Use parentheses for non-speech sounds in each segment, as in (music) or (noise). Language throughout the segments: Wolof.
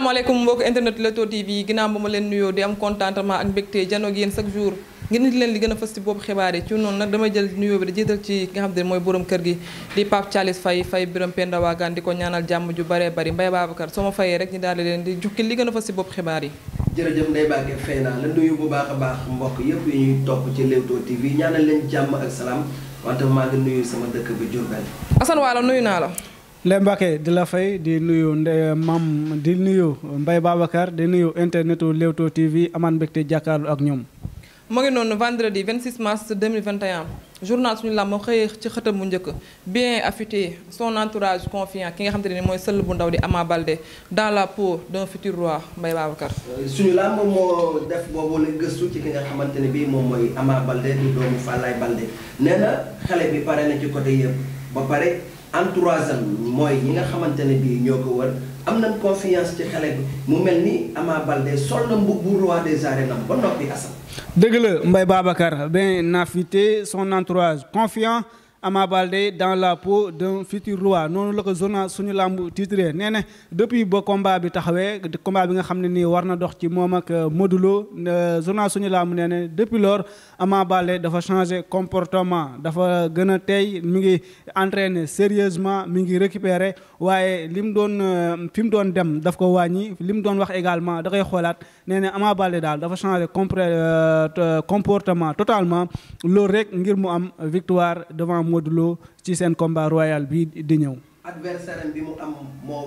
asalaamaaleykum mbokk internet Leewtoo TV ginnaaw ba ma leen nuyoo di am contentement ak mbégte janoog yéen chaque jour ngir nit leen li a fës ci boobu xibaar yi ci noonu nag damay jël nuyoo bi di jiital ko ñaanal jàmm ju baree bari Mbaye Babacar soo ma fayee rek daal di leen di jukki li a fës ci boobu xibaar fay naa la nuyu bu baax a baax mbokk yëpp yi ñuy topp ci Leewtoo TV ñaanal leen jàmm ak salaam wante maa ngi nuyu sama dëkk bi Diourbel Assane Wala nuyu naa la Ndeye Mbacke di la fay di nuyu nde mam di nuyu Mbaye Babacar di nuyu internetu Leewtoo TV amaan mbégte jàkkaarlu ak ñoom. mu ngi noonu vendredi 26 mars 2021 journal suñu làmb xëy ci xëtam bu njëkk bien affûté son entourage confiant ki nga xamante ne mooy sëll bu ndaw di Ama Baldé dans la peau d'un futur roi mbay Babacar. suñu làmb moo def boobu la gëstu ci ki nga xamante ne bii moom mooy Ama Baldé di doomu Fallaye Baldé nee xale bi pare na ci côté entourage am mooy ñi nga xamante ne bii ñoo ko wër am na confiance ci xale bi mu mel ni Ama Baldé sol na mbubbu roi des arènes am ba noppi asam. dëgg la Mbaye Babacar bien affûté son entourage confiant. Ama Baldé dans la peau d'un futur roi noonu la ko journal suñu làmb titré nee na depuis ba combat bi taxawee combat bi nga xam ne nii war na dox ci moom ak euh, Modou Lo journal suñu làmb nee na depuis lors Ama Baldé dafa changé comportement dafa gën a tey mi ngi entraîné sérieusement mi ngi récupéré waaye li mu doon euh, fi mu doon dem daf ko wàññi li mu doon wax également da koy xoolaat nee na Ama Baldé daal dafa changé euh, comportement totalement loolu rek ngir mu am victoire devant Modou Lo ci seen combat royal bi di ñëw. adversaire bi mu am moo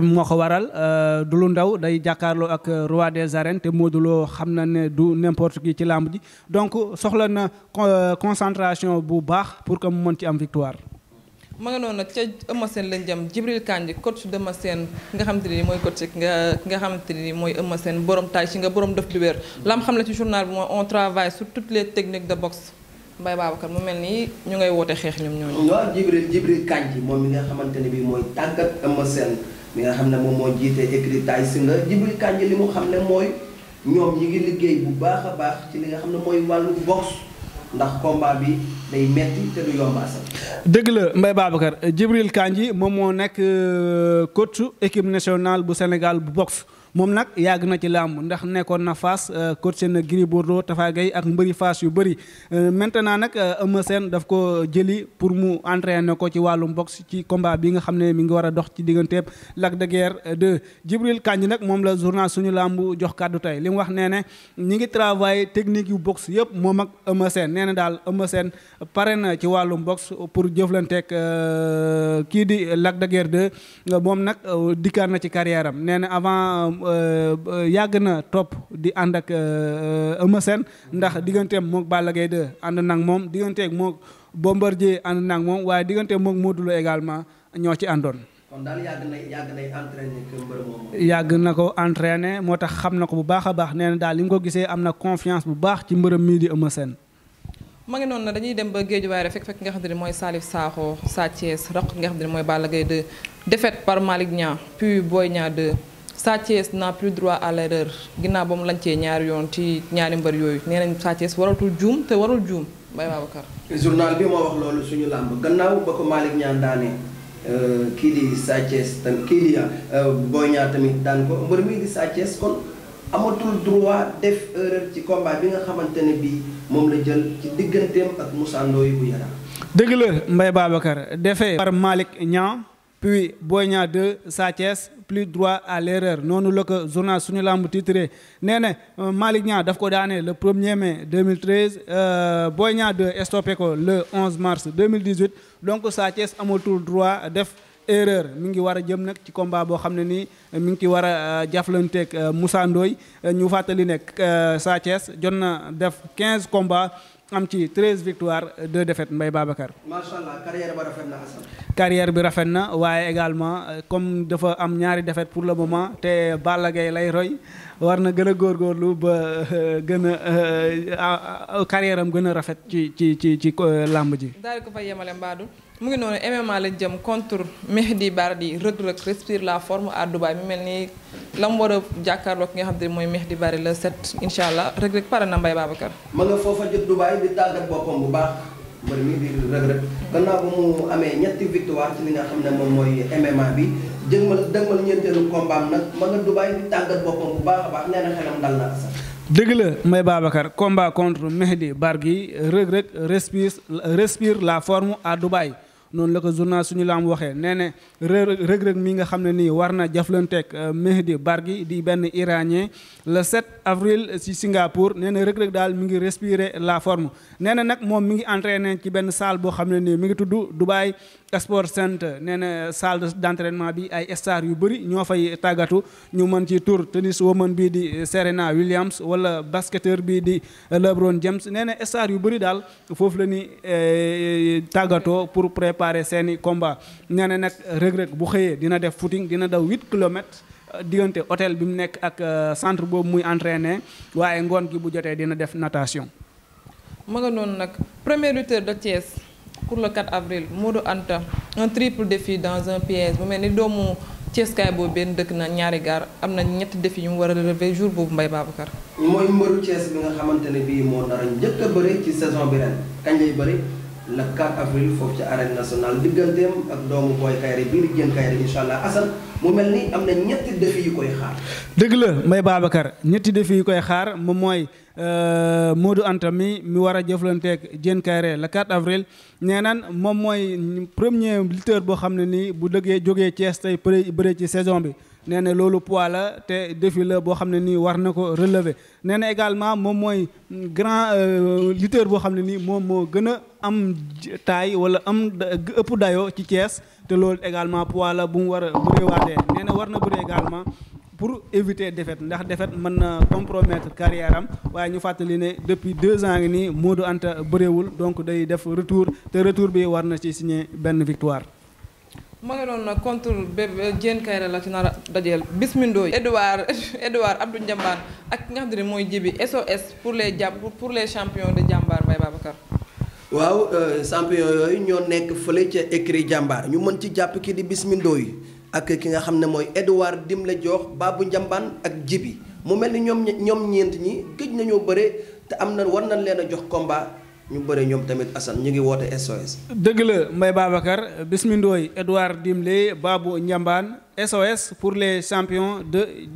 bi moo ko waral euh, du lu ndaw day jàkkaarloo ak euh, roi des arènes te Modou Lo xam na ne du n'importe qui ci làmb ji donc soxla na euh, concentration bu baax pour que mu mën ci am victoire. ma nga noonu nag ca Eumeu Sène lañ jëm Jibril Kandji coach de Eumeu Sène ki nga xamante ni mooy coach nga ki nga xamante ni mooy Eumeu Sène borom taay ci nga borom def lu wér lam xam la ci journal bi mooy on travaille sur toutes les de boxe. Mbaye Babacar mu mel nii ñu ngay woote xeex ñoom ñooñu. waaw Jibril Jibril Kandji moom mi nga xamante ne bii mooy tàggat Eumeu Sène mi nga xam ne moom moo jiite écrit tay si nga Jibril Kandji li mu xam ne mooy ñoom ñi ngi liggéey bu baax a baax li nga xam ne mooy wàllu box ndax combat bi day metti te du yomb asal. dëgg moom moo nekk euh, coach équipe nationale bu Sénégal bu boxe. moom nag yàgg na ci làmb ndax nekkoon na Fass euh, coaché na Gris Bordeaux Tafa Gueye ak mbëri Fass yu bëri euh, maintenant nag euh, Eumeu Sène daf ko jëli pour mu ne ko ci wàllum boxe ci combat bi nga xam ne mi ngi war a dox ci digganteeb Lac de Guerre 2 Jibril Kandji nag moom la journal suñu làmb jox kàddu tey li mu wax nee ne ñi ngi travail technique yu boxe yëpp moom ak Eumeu Sène nee na daal Eumeu Sène pare na ci wàllum boxe pour jëflanteeg kii di Lac de Guerre 2 moom nag dikkaat na ci carrière Euh, euh, yàgg na topp di ànd ak euh, Eumeu Sène ndax digganteem moog Balla gay 2 ànd nag moom digganteeg moog Bombardier ànd nag moom waaye digganteem moog Modou Lo également ñoo ci àndoon. kon daal yàgg na yàgg nay yàgg na ko entraîné moo tax xam na ko bu baax a baax nee na daal li mu ko gisee am na confiance bu baax ci mbërëm mii di Eumeu Sène. ma ngi noonu na dañuy dem ba Géejuwaay rek fekk fekk nga xam te mooy Salif Sakho Sa Thiès Roq nga xam mooy Balla Gaye 2 défaite par Malick puis Boy Niang 2. Sa n'a plus droit à l'erreur ginnaaw ba mu lancee ñaari yoon ci ñaari mbër yooyu nee nañ Sa waratul juum te warul juum Mbaye Babacar. journal bi moo wax loolu suñu làmb gannaaw ba ko Malick Niang daanee euh, kii di Sa Thiès tamit kii di euh, Boy Niang tamit daan ko mbër mii di Sa kon amatul droit def erreur ci combat bi nga xamante ne bii moom la jël ci digganteem ak Moussa Ndoye bu Yara. dëgg la Mbaye Babacar defee par Malick puis Boy Niang 2 Sa Thiès plus droit à l'erreur noonu la ko journal suñu lamb titré nee na euh, Malick Niang daf ko daane le 1er mai 2013 euh, Boy Niang 2 stoppé ko le 11 mars 2018 donc Sa amatul droit def erreur mi ngi war a jëm nag ci combat boo xam ne nii euh, mi ngi ci war a jaflanteeg Moussa Ndoye ñu fàttali nekk Sa Thiès jot na def quinze combats am ci treize victoires deux défaites Mbaye Babacar. macha allah bi rafet na waaye également euh, comme dafa am ñaari défaites pour le moment te Balla Gaye lay roy war na gën a góor góorgóorlu ba euh, gën euh, a carrière am gën a rafet ci ci ci ci làmb ji. daal ko fa yemale Mbadou. mu ngi noonu MMA la jëm contre Mehdi la forme à Dubaï mi la mu war jàkkaarloo ki nga xam te mooy Mehdi Bardi la set incha allah Reug na Mbaye Babacar. ma nga foofa jot Dubaï di tàggat di Reug Reug gannaaw ba mu amee bi jëgmal dëgmal ñeenteelu combat am nag ma a baax la Mbaye Babacar combat noonu la ko journal suñu laam waxee nee ne Reug mi nga xam ne nii war na jaflanteeg euh, Mehdi Bargui di benn iranien le 7 avril ci Singapour nee na Reug Reug daal mi ngi respirer la forme nee na nag moom mi ngi entraîné ci benn salle boo xam ne nii mi ngi tudd Dubaï sport centre nee na salle d'entraînement bi ay stars yu bëri ñoo fay tàggatu ñu mën ci tour tennis woman bii di Serena Williams wala basketteur bii di LeBron James nee na stars yu bëri daal foofu la ñuy eh, tàggatoo pour préparer seeni combat nee na nag rëg-rëg bu xëyee dina def footing dina daw huit kilomètres eh, diggante hôtel bi mu nekk ak eh, centre boobu muy entraîner waaye ngoon gi bu jotee dina def natation. ma nag premier lutteur de Thiès. pour le quat avril Modou Anta un triple défi dans un piège bu mel ni doomu Ceeskaay boobu benn dëkk na ñaari gaar am na ñetti défi yu mu war a relever jour boobu Mbaye Babacar. mooy mbëru Cees bi nga xamante ne bii moo dara njëkk bari ci saison bi ren kañ lay bëri la 4 avril foofu ci arène national digganteem ak doomu Boy Kayre bii di Diène Kayre incha allah Assane. mu mel ni am na ñetti défi yu koy xaar. dëgg la Mbaye Babacar ñetti défi yu koy xaar moom mooy euh, Modou Anta mi mi war a jëflanteeg Diène Kairé le 4 avril nee naan moom mooy premier lutteur boo xam ne nii bu dëggee jógee Thiès tey bëre ci saison bi. nee na loolu pois la te défi la boo xam ne nii war na ko relever nee également moom mooy grand euh, lutteur boo xam ne nii moom moo gën a am taay wala am ëpp dayoo ci Thiès te loolu également poids la bu mu war a bëreewaatee nee na war na bëree également pour éviter défaite ndax défaite mën na compromettre carrière waaye ñu fàttali ne depuis deux ans ngi nii Modou Anta bëriwul donc day def retour te retour bi war na ci signer benn victoire ma ngi doon nag contre bébé Diène Kaïré la ci nar a dajeel Bismindo yi. Edouard Edouard (laughs) Abdou Njambaan ak ki nga mooy jibi SOS pour les jàpp pour les champion de jàmbaar Baye Babacar. waaw euh, champion yooyu ñoo nekk fële ca écrit jàmbaar ñu mën ci jàpp ki di Bismindo yi ak ki nga xam ne mooy Edouard Dimle Joox Babu Njambaan ak jibi mu mel ni ñoom ñeent ñi gëj nañoo bëre te am na war nañ leen a jox combat. ñu bëri ñoom tamit Assane ñu ngi woote SOS. dëgg la Mbaye Babacar Bismi Ndoye Edouard Dimle Babou Ndiambane SOS pour les champions de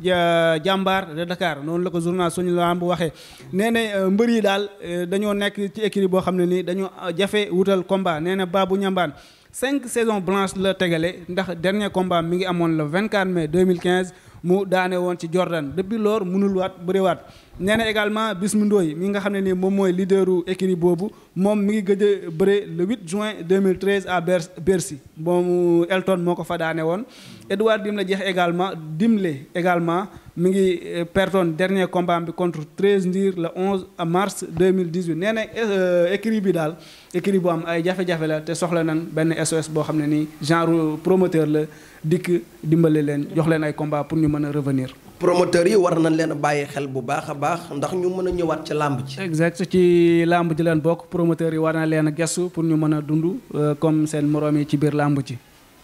jàmbaar de Dakar noonu la ko journal suñu lamb waxee nee na euh, mbër yi daal euh, dañoo nekk ci équipe boo xam ne nii dañoo euh, jafe wutal combat nee na Babou Ndiambane cinq saison blanches la tegale ndax dernier combat mi ngi amoon vingt mais 24 mille 2015 mu daane woon ci Jordan depuis lool mënul waat bëriwaat. nee na également Bismi Ndoye mi nga xam ne ni moom mooy leaderu écurie boobu moom mi ngi gëj a bëre le 8 juin 2013 à Bercy moomu Elton moo ko fa daane woon. Edouard Dimle jeex également Dimle également mi ngi euh, pertoon dernier combat bi contre 13 Ndiir le 11 mars 2018 nee na euh, bi daal écurie bu am ay jafe-jafe la te soxla nan benn SOS boo xam ne nii genre promoteur la dikk dimbale leen jox leen ay combat pour ñu mën a revenir. promoteurs yi war nañ leen bàyyi xel bu baax a baax ndax ñu mën a ñëwaat ci làmb ji. exact ci làmb ji leen bokk promoteurs yi war na leen gestu pour ñu mën a dund euh, comme seen moroom yi ci biir làmb ji.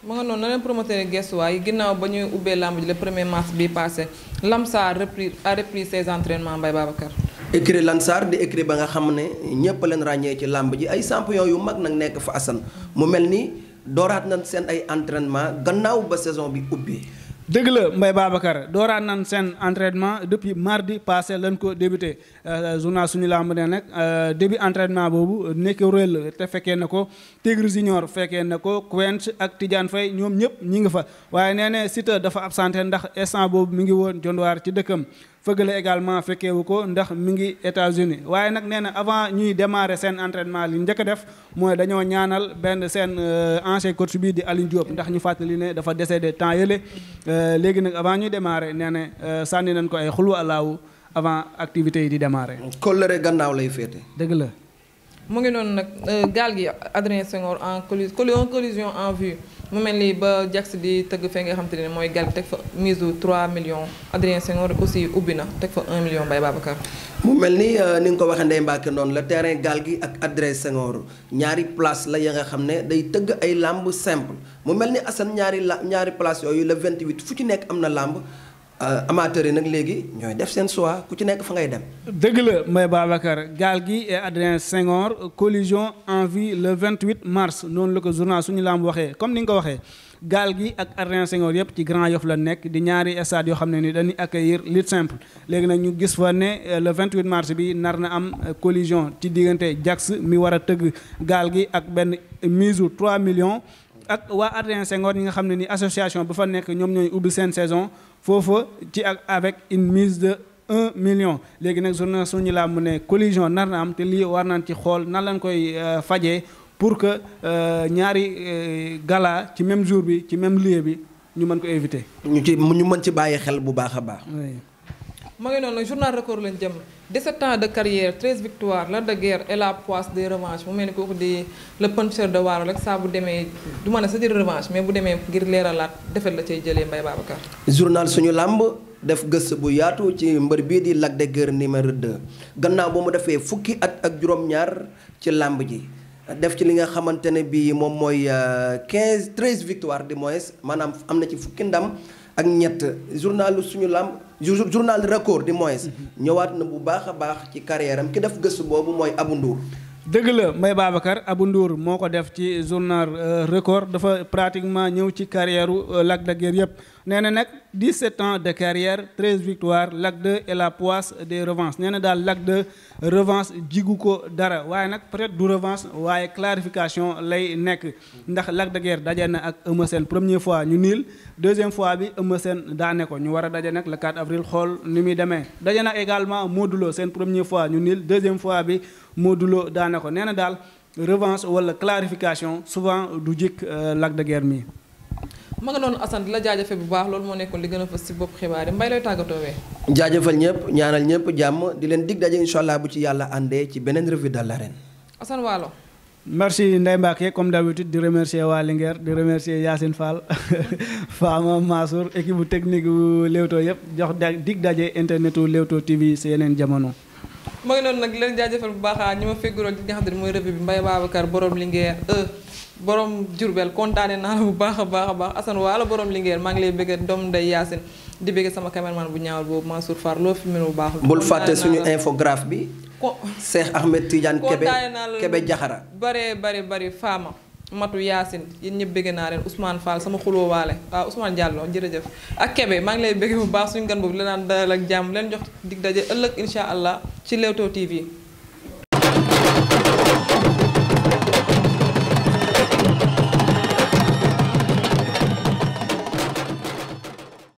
ma nga noonu na leen promoteur yi gestu waaye ginnaaw ba ñuy ubbee làmb ji le premier mars bi passé Lamsa a repris a repris ses entraînements Mbaye Babacar. écrit Lansar di écrit ba nga xam ne ñëpp leen ràññee ci làmb ji ay champion yu mag nag nekk fa Assane mu mel ni dooraat nañ seen ay entraînement gannaaw ba saison bi ubbee. dëgg la Mbaye Babacar dooraan nan seen entraidement depuis mardi passé lañ ko débuté euh, journal suñu lamb ne nag euh, début entraidement boobu nekk réel te fekkee na ko Tigre Junior fekkee na ko Quench ak Tidiane Faye ñoom ñëpp ñu ngi fa waaye nee ne Siteu dafa absenté ndax instant boobu mu ngi woon jonwaar ci dëkkam fëgale également fekkeewu ko ndax mu ngi États-Unis waaye nag nee na avant ñuy démarrer seen entraînement li njëkk a def mooy dañoo ñaanal benn seen euh, ancien coach bi di Aliou Diop ndax ñu fàttali ne dafa décédé temps yële euh, léegi nag avant ñuy démarrer nee na euh, sànni nañ ko ay xulwa alaawu avant activité yi di démarrer. kóllëre gannaaw lay féete. dëgg la. mu ngi noonu nag gaal gi Adrien Senghor en collision en vue. mu mel ni ba Jax di tëgg fee nga xam te ne mooy gal teg fa mise 3 millions Adrien Senghor aussi ubbi na teg fa 1 million Baye Babacar. mu mel ni euh, ni nga ko waxee Ndeye Mbacke noonu la terrain gaal gi ak Adrien Senghor ñaari place la ya nga xam ne day tëgg ay làmb simple mu mel ni Assane ñaari la ñaari place yooyu le 28 fu ci nekk am na làmb. Euh, amateur yi nag léegi ñooy def seen choix ku ci nekk fa ngay dem. dëgg la Mbaye Babacar gaal gi et Adrien Senghor collision en vue le 28 mars noonu la ko journal suñu laa laam waxee comme ni nga ko waxee. gaal gi ak Adrien Senghor yëpp ci Grand Yoff la nekk di ñaari stade yoo xam ne ni dañuy accueillir lutte simple léegi nag ñu gis fa ne euh, le 28 mars bi nar na am euh, collision ci diggante Jax mi war a tëgg gaal gi ak benn mise 3 millions. ak waa Adrien Senghor ñi nga xam ne ni association ba fa nekk ñoom ñooy ubbi seen saison foofa ci ak avec une mise de un million léegi nag journal suñu laa mu ne collision nar na am te lii war nañ ci xool nan lañ koy euh, fajee pour que euh, ñaari euh, gala ci même jour bi ci même lieu bi ñu mën ko éviter. ñu ci ñu mën ci bàyyi xel bu baax a baax. ma ngi lañ jëm. 17 ans de carrière 13 victoires l'art de guerre et la poisse des revanches mu mel ni kooku di le puncheur de waaro rek saa bu demee du mën a sa dire revanche mais bu demee ngir leeralaat defet la cay jële Mbaye Babacar. journal suñu làmb def gëstu bu yaatu ci mbër bii di Lac de Guerre numéro 2 gannaaw ba mu defee fukki at ak juróom-ñaar ci làmb ji def ci li nga xamante ne bii moom mooy 15 euh, 13 victoires du moins maanaam am na ci fukki ndam. ak ñett journalu suñu làmb journal record du moins mhm. ñëwaat na bu baax a baax ci carrière am ki def gëstu boobu mooy Abou Ndour dëgg la Mbaye Babacar Abou Ndour moo ko def ci journal euh, record dafa pratiquement ñëw ci carrière u euh, Lac de yëpp nee na nag 17 ans de carrière 13 victoires Lac e et la poisse des revanches nee na daal Lac 2 revanche jigu ko dara waaye nag peut-être du revanche waaye clarification lay nekk ndax Lac de daje na ak Eumeu Sène première fois ñu niil deuxième fois bi Eumeu seen daane ko ñu war a daje nag le 4 avril xool ni muy demee daje na également Modou seen première fois ñu niil deuxième fois bi Modou daane ko nee na daal revanche wala clarification souvent du jik euh, Lac de Guiers mi ma nga noonu Assane di la jaajëfe bu baax loolu moo nekkoon li gën a fës si bopp xibaar yi mbay looy tàggatoowee jaajëfal ñëpp ñaanal ñëpp jàmm di leen dig daje incha allah bu ci yàlla àndee ci beneen revue de ren asan Waalo merci Ndeye Mbacke comme d'habitude di remercier waa Linguère di remercier Yacine Fall (laughs) Fama Massour équipe bu technique bu Leewtoo yëpp jox dig daje internet wu Leewtoo TV si yeneen jamono ma ngi noonu nag leen jaajëfal bu baax a ñi ma fegguroon ci nga xam ne mooy revue bi Mbaye Babacar borom Linguère e borom Diourbel kontaane naa la bu baax a baax a baax Assane Wala boroom Linguère maa ngi lay bëgg doom nday Yacine di bëgg sama cameraman bu ñaawal boobu Mansour Far loo fi mel bu baax. bul fàtte suñu infographe bi. ko Cheikh Ahmed Tidiane. kontaane naa la Kébé Kébé Jaxara. bare bare bare Fama. Matu Yaasin yéen ñëpp bëgg naa leen Ousmane Fall sama xuloo waale waaw Ousmane Diallo jërëjëf ak Kébé maa ngi lay bëgg bu baax suñu gan boobu la naan dalal ak jàmm leen jox dig daje ëllëg incha allah ci Leewtoo TV.